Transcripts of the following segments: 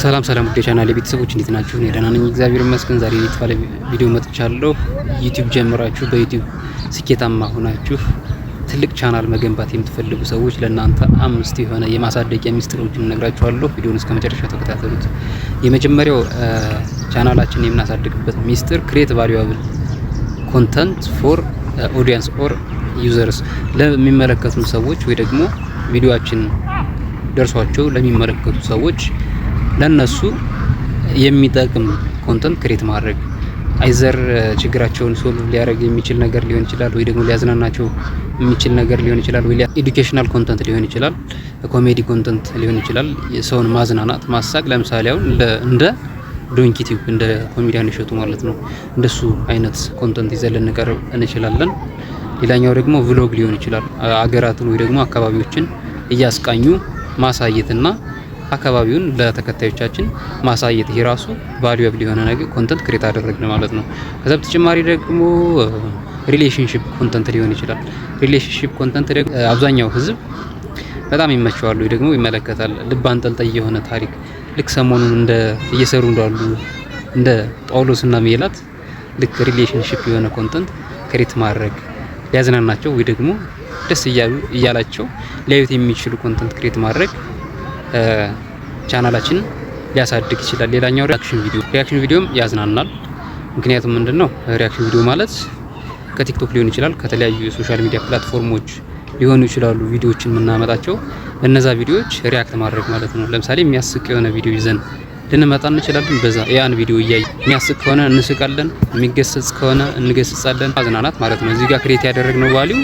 ሰላም ሰላም ውድ የቻናል የቤተሰቦች እንዴት ናችሁ? እኔ ደህና ነኝ እግዚአብሔር ይመስገን። ዛሬ ለየት ቪዲዮ መጥቻለሁ። ዩቲዩብ ጀምራችሁ በዩቲዩብ ስኬታማ ሆናችሁ ትልቅ ቻናል መገንባት የምትፈልጉ ሰዎች ለእናንተ አምስት የሆነ የማሳደጊያ ሚስጥሮችን እነግራችኋለሁ። ቪዲዮን እስከ መጨረሻ ተከታተሉት። የመጀመሪያው ቻናላችን የምናሳድግበት ሚስጥር ክሬት ቫሉያብል ኮንተንት ፎር ኦዲየንስ ኦር ዩዘርስ ለሚመለከቱ ሰዎች ወይ ደግሞ ቪዲዮችን ደርሷቸው ለሚመለከቱ ሰዎች ለነሱ የሚጠቅም ኮንተንት ክሬት ማድረግ አይዘር uh, ችግራቸውን ሶልቭ ሊያደርግ የሚችል ነገር ሊሆን ይችላል፣ ወይ ደግሞ ሊያዝናናቸው የሚችል ነገር ሊሆን ይችላል፣ ወይ ኤዱኬሽናል ኮንተንት ሊሆን ይችላል፣ ኮሜዲ ኮንተንት ሊሆን ይችላል። የሰውን ማዝናናት ማሳቅ፣ ለምሳሌ አሁን እንደ ዶንኪ ቲዩብ እንደ ኮሜዲያን ይሸጡ ማለት ነው። እንደሱ አይነት ኮንተንት ይዘን ልንቀርብ እንችላለን። ሌላኛው ደግሞ ቪሎግ ሊሆን ይችላል። አገራትን ወይ ደግሞ አካባቢዎችን እያስቃኙ ማሳየትና አካባቢውን ለተከታዮቻችን ማሳየት ይሄ ራሱ ቫልዩ የሆነ ነገር ኮንተንት ክሬት አደረግን ማለት ነው። ከዛ በተጨማሪ ደግሞ ሪሌሽንሽፕ ኮንተንት ሊሆን ይችላል። ሪሌሽንሽፕ ኮንተንት ደግሞ አብዛኛው ህዝብ በጣም ይመቸዋል ወይ ደግሞ ይመለከታል። ልብ አንጠልጣይ የሆነ ታሪክ ልክ ሰሞኑን እንደ እየሰሩ እንዳሉ እንደ ጳውሎስና ሜላት ልክ ሪሌሽንሽፕ የሆነ ኮንተንት ክሬት ማድረግ ሊያዝናናቸው ወይ ደግሞ ደስ እያላቸው ሊያዩት የሚችሉ ኮንተንት ክሬት ማድረግ ቻናላችን ሊያሳድግ ይችላል። ሌላኛው ሪያክሽን ቪዲዮ ሪያክሽን ቪዲዮም ያዝናናል። ምክንያቱም ምንድን ነው ሪያክሽን ቪዲዮ ማለት ከቲክቶክ ሊሆን ይችላል፣ ከተለያዩ የሶሻል ሚዲያ ፕላትፎርሞች ሊሆኑ ይችላሉ ቪዲዮዎችን የምናመጣቸው እነዛ ቪዲዮዎች ሪያክት ማድረግ ማለት ነው። ለምሳሌ የሚያስቅ የሆነ ቪዲዮ ይዘን ልንመጣ እንችላለን። በዛ ያን ቪዲዮ እያየ የሚያስቅ ከሆነ እንስቃለን፣ የሚገሰጽ ከሆነ እንገሰጻለን። ማዝናናት ማለት ነው። እዚህ ጋር ክሬት ያደረግነው ቫሊዩ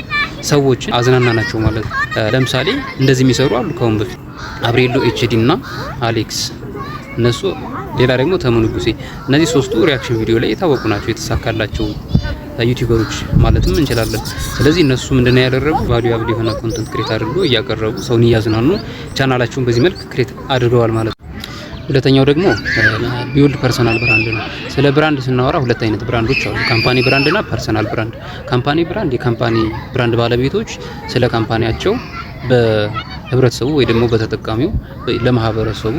ሰዎችን አዝናና ናቸው ማለት ነው። ለምሳሌ እንደዚህ የሚሰሩ አሉ። ከሁን በፊት አብሬሎ ኤችዲ እና አሌክስ እነሱ፣ ሌላ ደግሞ ተምንጉሴ እነዚህ ሶስቱ ሪያክሽን ቪዲዮ ላይ የታወቁ ናቸው፣ የተሳካላቸው ዩቲዩበሮች ማለትም እንችላለን። ስለዚህ እነሱ ምንድነው ያደረጉ ቫሊዩ አብል የሆነ ኮንተንት ክሬት አድርጎ እያቀረቡ ሰውን እያዝናኑ ቻናላቸውን በዚህ መልክ ክሬት አድርገዋል ማለት ነው። ሁለተኛው ደግሞ ቢውልድ ፐርሰናል ብራንድ ነው። ስለ ብራንድ ስናወራ ሁለት አይነት ብራንዶች አሉ፣ ካምፓኒ ብራንድ እና ፐርሰናል ብራንድ። ካምፓኒ ብራንድ የካምፓኒ ብራንድ ባለቤቶች ስለ ካምፓኒያቸው በህብረተሰቡ ወይ ደግሞ በተጠቃሚው ለማህበረሰቡ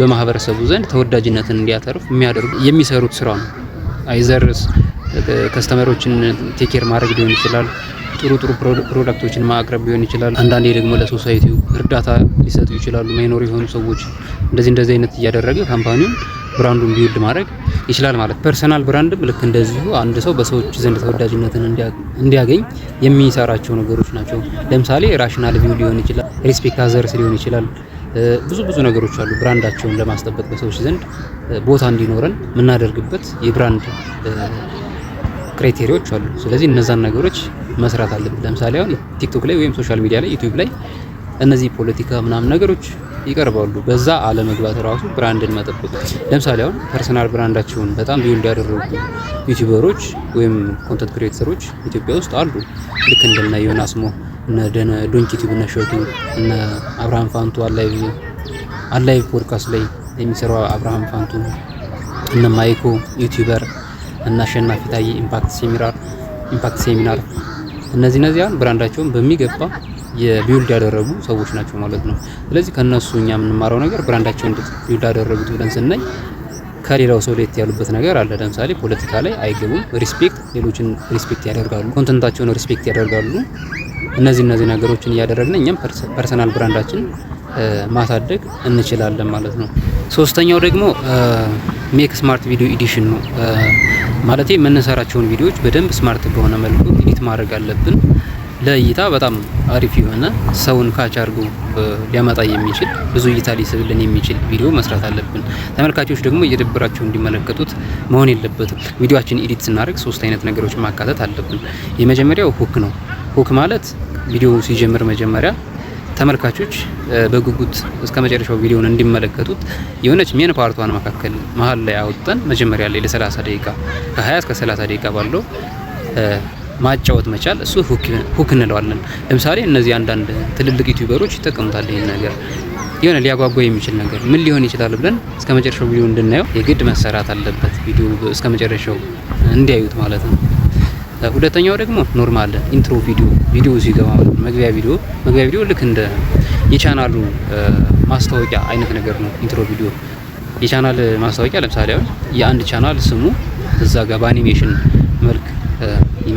በማህበረሰቡ ዘንድ ተወዳጅነትን እንዲያተርፍ የሚያደርጉ የሚሰሩት ስራ ነው። አይዘርስ ከስተመሮችን ቴኬር ማድረግ ሊሆን ይችላል ጥሩ ጥሩ ፕሮዳክቶችን ማቅረብ ሊሆን ይችላል። አንዳንዴ ደግሞ ለሶሳይቲው እርዳታ ሊሰጡ ይችላሉ። ማይኖር የሆኑ ሰዎች እንደዚህ እንደዚህ አይነት እያደረገ ካምፓኒውን ብራንዱን ቢውድ ማድረግ ይችላል ማለት። ፐርሰናል ብራንድም ልክ እንደዚሁ አንድ ሰው በሰዎች ዘንድ ተወዳጅነትን እንዲያገኝ የሚሰራቸው ነገሮች ናቸው። ለምሳሌ ራሽናል ቪው ሊሆን ይችላል፣ ሪስፔክት አዘርስ ሊሆን ይችላል። ብዙ ብዙ ነገሮች አሉ። ብራንዳቸውን ለማስጠበቅ በሰዎች ዘንድ ቦታ እንዲኖረን የምናደርግበት የብራንድ ክራይቴሪያዎች አሉ። ስለዚህ እነዛን ነገሮች መስራት አለብን። ለምሳሌ አሁን ቲክቶክ ላይ ወይም ሶሻል ሚዲያ ላይ ዩቲዩብ ላይ እነዚህ ፖለቲካ ምናምን ነገሮች ይቀርባሉ። በዛ አለመግባት ራሱ ብራንድን መጠበቅ። ለምሳሌ አሁን ፐርሰናል ብራንዳቸውን በጣም ቢውልድ ያደረጉ ዩቲዩበሮች ወይም ኮንተንት ክሬተሮች ኢትዮጵያ ውስጥ አሉ። ልክ እንደነ ዮናስ ሞ፣ እነ ዶንኪ ቲዩብ፣ እነ ሸቱ፣ እነ አብርሃም ፋንቱ አላይቭ አላይቭ ፖድካስት ላይ የሚሰራው አብርሃም ፋንቱ፣ እነ ማይኮ ዩቲዩበር እና አሸናፊ ታዬ ኢምፓክት ሴሚናር ኢምፓክት ሴሚናር እነዚህ እነዚህ ብራንዳቸውን በሚገባ የቢውልድ ያደረጉ ሰዎች ናቸው ማለት ነው። ስለዚህ ከነሱ እኛ የምንማረው ነገር ብራንዳቸውን ቢውልድ ያደረጉት ብለን ስናይ ከሌላው ሰው ለየት ያሉበት ነገር አለ። ለምሳሌ ፖለቲካ ላይ አይገቡም። ሪስፔክት፣ ሌሎችን ሪስፔክት ያደርጋሉ፣ ኮንተንታቸውን ሪስፔክት ያደርጋሉ። እነዚህ እነዚህ ነገሮችን እያደረግን እኛም ፐርሰናል ብራንዳችን ማሳደግ እንችላለን ማለት ነው። ሶስተኛው ደግሞ ሜክ ስማርት ቪዲዮ ኤዲሽን ነው። ማለት የምንሰራቸውን ቪዲዮዎች በደንብ ስማርት በሆነ መልኩ ማድረግ አለብን። ለእይታ በጣም አሪፍ የሆነ ሰውን ካች አድርጎ ሊያመጣ የሚችል ብዙ እይታ ሊስብልን የሚችል ቪዲዮ መስራት አለብን። ተመልካቾች ደግሞ እየደበራቸው እንዲመለከቱት መሆን የለበትም። ቪዲዮችን ኤዲት ስናደርግ ሶስት አይነት ነገሮች ማካተት አለብን። የመጀመሪያው ሁክ ነው። ሁክ ማለት ቪዲዮ ሲጀምር መጀመሪያ ተመልካቾች በጉጉት እስከ መጨረሻው ቪዲዮን እንዲመለከቱት የሆነች ሜን ፓርቷን መካከል መሀል ላይ አውጥተን መጀመሪያ ላይ ለ30 ደቂቃ ከ20 እስከ 30 ደቂቃ ባለው ማጫወት መቻል እሱ ሁክ እንለዋለን። ለምሳሌ እነዚህ አንዳንድ ትልልቅ ዩቲዩበሮች ይጠቀሙታል ይህን ነገር። የሆነ ሊያጓጓ የሚችል ነገር ምን ሊሆን ይችላል ብለን እስከ መጨረሻው ቪዲዮ እንድናየው የግድ መሰራት አለበት። ቪዲዮ እስከ መጨረሻው እንዲያዩት ማለት ነው። ሁለተኛው ደግሞ ኖርማል ኢንትሮ ቪዲዮ ቪዲዮ ሲገባ መግቢያ ቪዲዮ መግቢያ ቪዲዮ ልክ እንደ የቻናሉ ማስታወቂያ አይነት ነገር ነው። ኢንትሮ ቪዲዮ የቻናል ማስታወቂያ ለምሳሌ አሁን የአንድ ቻናል ስሙ እዛ ጋር በአኒሜሽን መልክ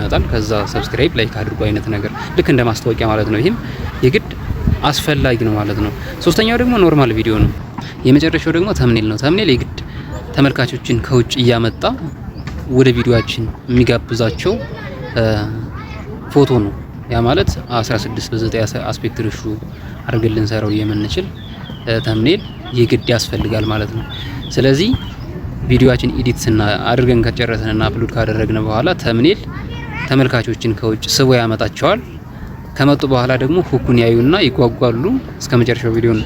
ይመጣል። ከዛ ሰብስክራይብ ላይክ አድርጉ አይነት ነገር ልክ እንደ ማስታወቂያ ማለት ነው። ይህም የግድ አስፈላጊ ነው ማለት ነው። ሶስተኛው ደግሞ ኖርማል ቪዲዮ ነው። የመጨረሻው ደግሞ ተምኔል ነው። ተምኔል የግድ ተመልካቾችን ከውጭ እያመጣ ወደ ቪዲዮአችን የሚጋብዛቸው ፎቶ ነው። ያ ማለት 16 በ9 አስፔክት ሬሾ አድርገን ልንሰራው የምንችል ተምኔል የግድ ያስፈልጋል ማለት ነው። ስለዚህ ቪዲዮአችን ኤዲት አድርገን ከጨረስንና አፕሎድ ካደረግን በኋላ ተምኔል ተመልካቾችን ከውጭ ስቦ ያመጣቸዋል። ከመጡ በኋላ ደግሞ ሁኩን ያዩና ይጓጓሉ። እስከ መጨረሻው ቪዲዮን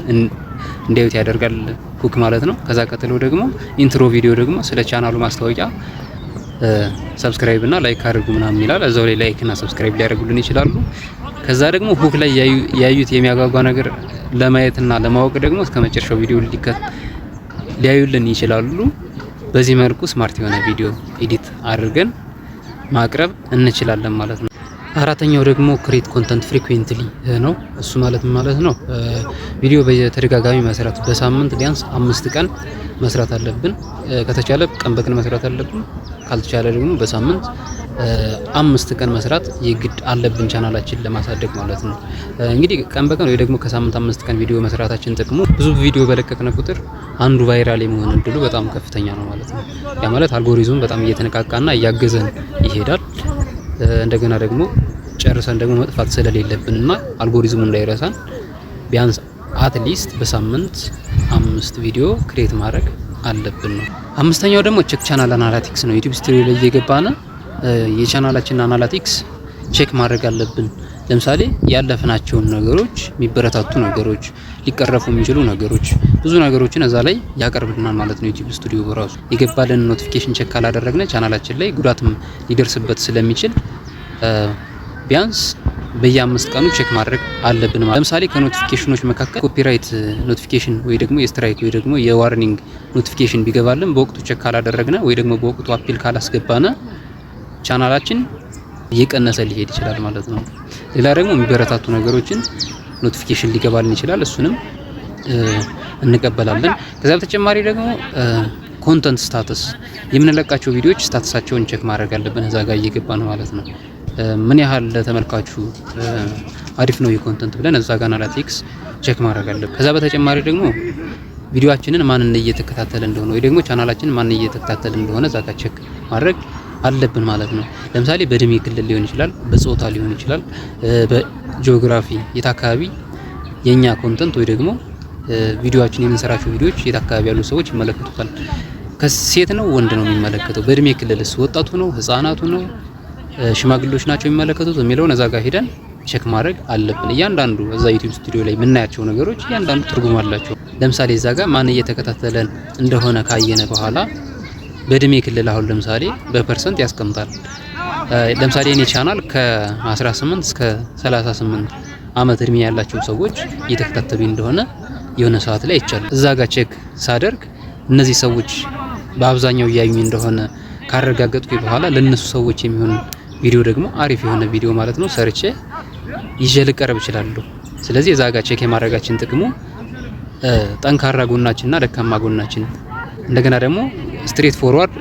እንዲያዩት ያደርጋል ሁክ ማለት ነው። ከዛ ቀጥሎ ደግሞ ኢንትሮ ቪዲዮ ደግሞ ስለ ቻናሉ ማስታወቂያ ሰብስክራይብ እና ላይክ አድርጉ ምናምን ይላል። እዛው ላይ ላይክ እና ሰብስክራይብ ሊያደርጉልን ይችላሉ። ከዛ ደግሞ ሁክ ላይ ያዩት የሚያጓጓ ነገር ለማየትና ለማወቅ ደግሞ እስከ መጨረሻው ቪዲዮ ሊያዩልን ይችላሉ። በዚህ መልኩ ስማርት የሆነ ቪዲዮ ኤዲት አድርገን ማቅረብ እንችላለን ማለት ነው። አራተኛው ደግሞ ክሬት ኮንተንት ፍሪኩዌንትሊ ነው። እሱ ማለት ማለት ነው ቪዲዮ በተደጋጋሚ መስራት፣ በሳምንት ቢያንስ አምስት ቀን መስራት አለብን። ከተቻለ ቀን በቀን መስራት አለብን። ካልተቻለ ደግሞ በሳምንት አምስት ቀን መስራት የግድ አለብን ቻናላችን ለማሳደግ ማለት ነው። እንግዲህ ቀን በቀን ወይ ደግሞ ከሳምንት አምስት ቀን ቪዲዮ መስራታችን ጥቅሙ ብዙ ቪዲዮ በለቀቅነ ቁጥር አንዱ ቫይራል የመሆን እድሉ በጣም ከፍተኛ ነው ማለት ነው። ያ ማለት አልጎሪዝም በጣም እየተነቃቃና እያገዘን ይሄዳል። እንደገና ደግሞ ጨርሰን ደግሞ መጥፋት ስለሌለብን እና አልጎሪዝሙ እንዳይረሳን ቢያንስ አትሊስት በሳምንት አምስት ቪዲዮ ክሬት ማድረግ አለብን ነው። አምስተኛው ደግሞ ቼክ ቻናል አናላቲክስ ነው። ዩቲዩብ ስቱዲዮ ላይ እየገባን የቻናላችን አናላቲክስ ቼክ ማድረግ አለብን። ለምሳሌ ያለፍናቸውን ነገሮች፣ የሚበረታቱ ነገሮች፣ ሊቀረፉ የሚችሉ ነገሮች፣ ብዙ ነገሮችን እዛ ላይ ያቀርብልናል ማለት ነው። ዩቲዩብ ስቱዲዮ በራሱ የገባልን ኖቲፊኬሽን ቼክ ካላደረግነ ቻናላችን ላይ ጉዳትም ሊደርስበት ስለሚችል ቢያንስ በየአምስት ቀኑ ቼክ ማድረግ አለብን ለምሳሌ ከኖቲፊኬሽኖች መካከል ኮፒራይት ኖቲፊኬሽን ወይ ደግሞ የስትራይክ ወይ ደግሞ የዋርኒንግ ኖቲፊኬሽን ቢገባልን በወቅቱ ቼክ ካላደረግነ ወይ ደግሞ በወቅቱ አፒል ካላስገባነ ቻናላችን እየቀነሰ ሊሄድ ይችላል ማለት ነው። ሌላ ደግሞ የሚበረታቱ ነገሮችን ኖቲፊኬሽን ሊገባልን ይችላል። እሱንም እንቀበላለን። ከዛ በተጨማሪ ደግሞ ኮንተንት ስታተስ የምንለቃቸው ቪዲዮዎች ስታተሳቸውን ቼክ ማድረግ አለብን። እዛ ጋር እየገባ ነው ማለት ነው። ምን ያህል ለተመልካቹ አሪፍ ነው የኮንተንት ብለን እዛ ጋር አናላቲክስ ቼክ ማድረግ አለብን። ከዛ በተጨማሪ ደግሞ ቪዲዮችንን ማን እየተከታተለ እንደሆነ ወይ ደግሞ ቻናላችንን ማን እየተከታተለ እንደሆነ እዛ ጋር ቼክ ማድረግ አለብን ማለት ነው። ለምሳሌ በእድሜ ክልል ሊሆን ይችላል፣ በጾታ ሊሆን ይችላል፣ በጂኦግራፊ የት አካባቢ የኛ ኮንተንት ወይ ደግሞ ቪዲዮዎችን የምንሰራቸው ቪዲዮዎች የት አካባቢ ያሉ ሰዎች ይመለከቱታል። ከሴት ነው ወንድ ነው የሚመለከተው? በእድሜ ክልልስ ወጣቱ ነው ህፃናቱ ነው ሽማግሌዎች ናቸው የሚመለከቱት የሚለውን እዛ ጋር ሄደን ቼክ ማድረግ አለብን። እያንዳንዱ እዛ ዩቲዩብ ስቱዲዮ ላይ የምናያቸው ነገሮች እያንዳንዱ ትርጉም አላቸው። ለምሳሌ እዛ ጋር ማን እየተከታተለን እንደሆነ ካየነ በኋላ በእድሜ ክልል አሁን ለምሳሌ በፐርሰንት ያስቀምጣል። ለምሳሌ እኔ ቻናል ከ18 እስከ 38 አመት እድሜ ያላቸው ሰዎች እየተከታተሉ እንደሆነ የሆነ ሰዓት ላይ ይቻላል። እዛ ጋር ቼክ ሳደርግ እነዚህ ሰዎች በአብዛኛው እያዩኝ እንደሆነ ካረጋገጥኩ በኋላ ለነሱ ሰዎች የሚሆን ቪዲዮ ደግሞ አሪፍ የሆነ ቪዲዮ ማለት ነው ሰርቼ ይዤ ልቀርብ እችላለሁ። ስለዚህ እዛ ጋር ቼክ የማድረጋችን ጥቅሙ ጠንካራ ጎናችንና ደካማ ጎናችን እንደገና ደግሞ ስትሬት ፎርዋርድ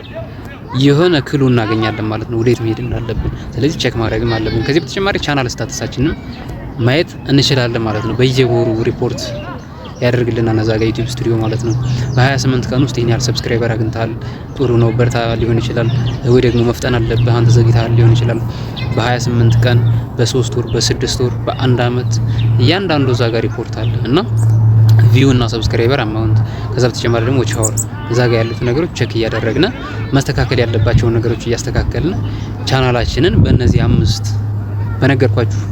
የሆነ ክሉ እናገኛለን ማለት ነው፣ ወዴት መሄድ እንዳለብን። ስለዚህ ቼክ ማድረግም አለብን። ከዚህ በተጨማሪ ቻናል ስታተሳችንም ማየት እንችላለን ማለት ነው። በየወሩ ሪፖርት ያደርግልናል እዛ ጋር ዩቲዩብ ስቱዲዮ ማለት ነው። በ28 ቀን ውስጥ ይህን ያህል ሰብስክራይበር አግኝተሃል፣ ጥሩ ነው፣ በርታ ሊሆን ይችላል። ወይ ደግሞ መፍጠን አለብህ አንተ ዘግይተሃል ሊሆን ይችላል። በ28 ቀን፣ በሶስት ወር፣ በስድስት ወር፣ በአንድ አመት እያንዳንዱ እዛ ጋር ሪፖርት አለ እና ቪው እና ሰብስክራይበር አማውንት፣ ከዛ በተጨማሪ ደግሞ ዎች እዛ ጋር ያሉት ነገሮች ቸክ እያደረግን መስተካከል ያለባቸውን ነገሮች እያስተካከልን ቻናላችንን በእነዚህ አምስት በነገርኳችሁ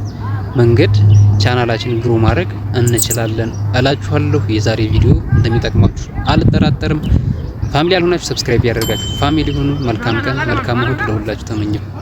መንገድ ቻናላችን ግሩ ማድረግ እንችላለን እላችኋለሁ። የዛሬ ቪዲዮ እንደሚጠቅማችሁ አልጠራጠርም። ፋሚሊ ያልሆናችሁ ሰብስክራይብ ያደርጋችሁ ፋሚሊ ሆኑ። መልካም ቀን፣ መልካም እሁድ ለሁላችሁ ተመኘው።